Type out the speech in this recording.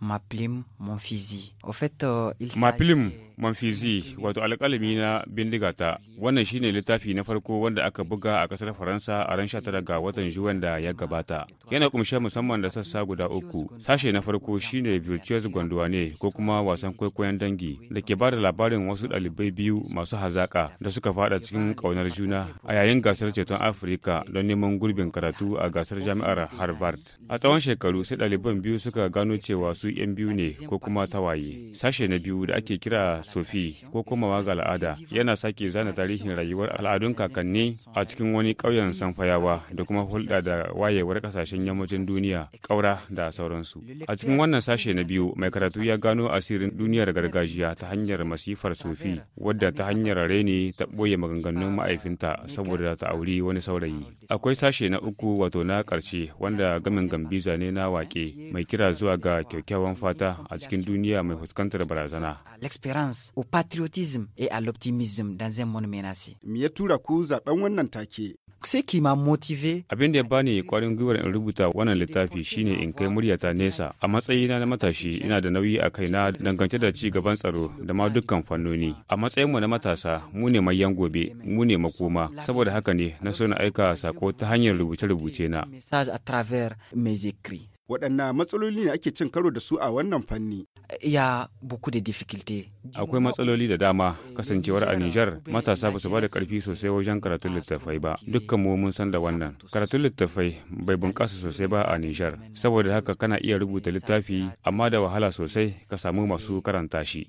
Ma plume, mon physique. Au fait, euh, il s'agit... manfizi wato alƙalami na bindiga ta wannan shine littafi na farko wanda aka buga a ƙasar faransa a ran 19 ga watan juwan da ya gabata yana kumshe musamman da sassa guda uku sashe na farko shine virtuous gondwane ko kuma wasan kwaikwayon dangi da ke bada labarin wasu ɗalibai biyu masu hazaƙa da suka fada cikin ƙaunar juna a yayin gasar ceton afirka don neman gurbin karatu a gasar jami'ar harvard a tsawon shekaru sai ɗaliban biyu suka gano cewa su 'yan biyu ne ko kuma tawaye sashe na biyu da ake kira sufi ko komawa ga al'ada yana sake zana tarihin rayuwar al'adun kakanni a cikin wani ƙauyen sanfayawa da kuma hulɗa da wayewar ƙasashen yammacin duniya ƙaura da sauransu a cikin wannan sashe na biyu mai karatu ya gano asirin duniyar gargajiya ta hanyar masifar sufi wadda ta hanyar reni ta ɓoye maganganun ma'aifinta saboda ta auri wani saurayi akwai sashe na uku wato na ƙarshe wanda gamin gambiza zane na waƙe mai kira zuwa ga kyakkyawan fata a cikin duniya mai fuskantar barazana. L'expérience confiance, au patriotisme et à l'optimisme dans un monde menacé. Me ya tura ku zaben wannan take? Sai ki ma motive. Abin da ya bani kwarin gwiwar in rubuta wannan littafi shine in kai muryata nesa. A matsayina na matashi ina da nauyi a kaina dangance da ci gaban tsaro da ma dukkan fannoni. A matsayinmu na matasa mu ne mayan gobe, mu ne makoma. Saboda haka ne na so na aika sako ta hanyar rubuce-rubuce na. Message à travers mes écrits. waɗanna matsaloli ne ake cin karo da su a wannan fanni. Ya buku da difficulty. Akwai matsaloli da dama kasancewar a Nijar matasa ba su ba da ƙarfi sosai wajen karatun littattafai ba. Dukkan mu mun san da wannan. Karatun littattafai bai bunƙasa sosai ba a Nijar. Saboda haka kana iya rubuta littafi amma da wahala sosai ka samu masu karanta shi.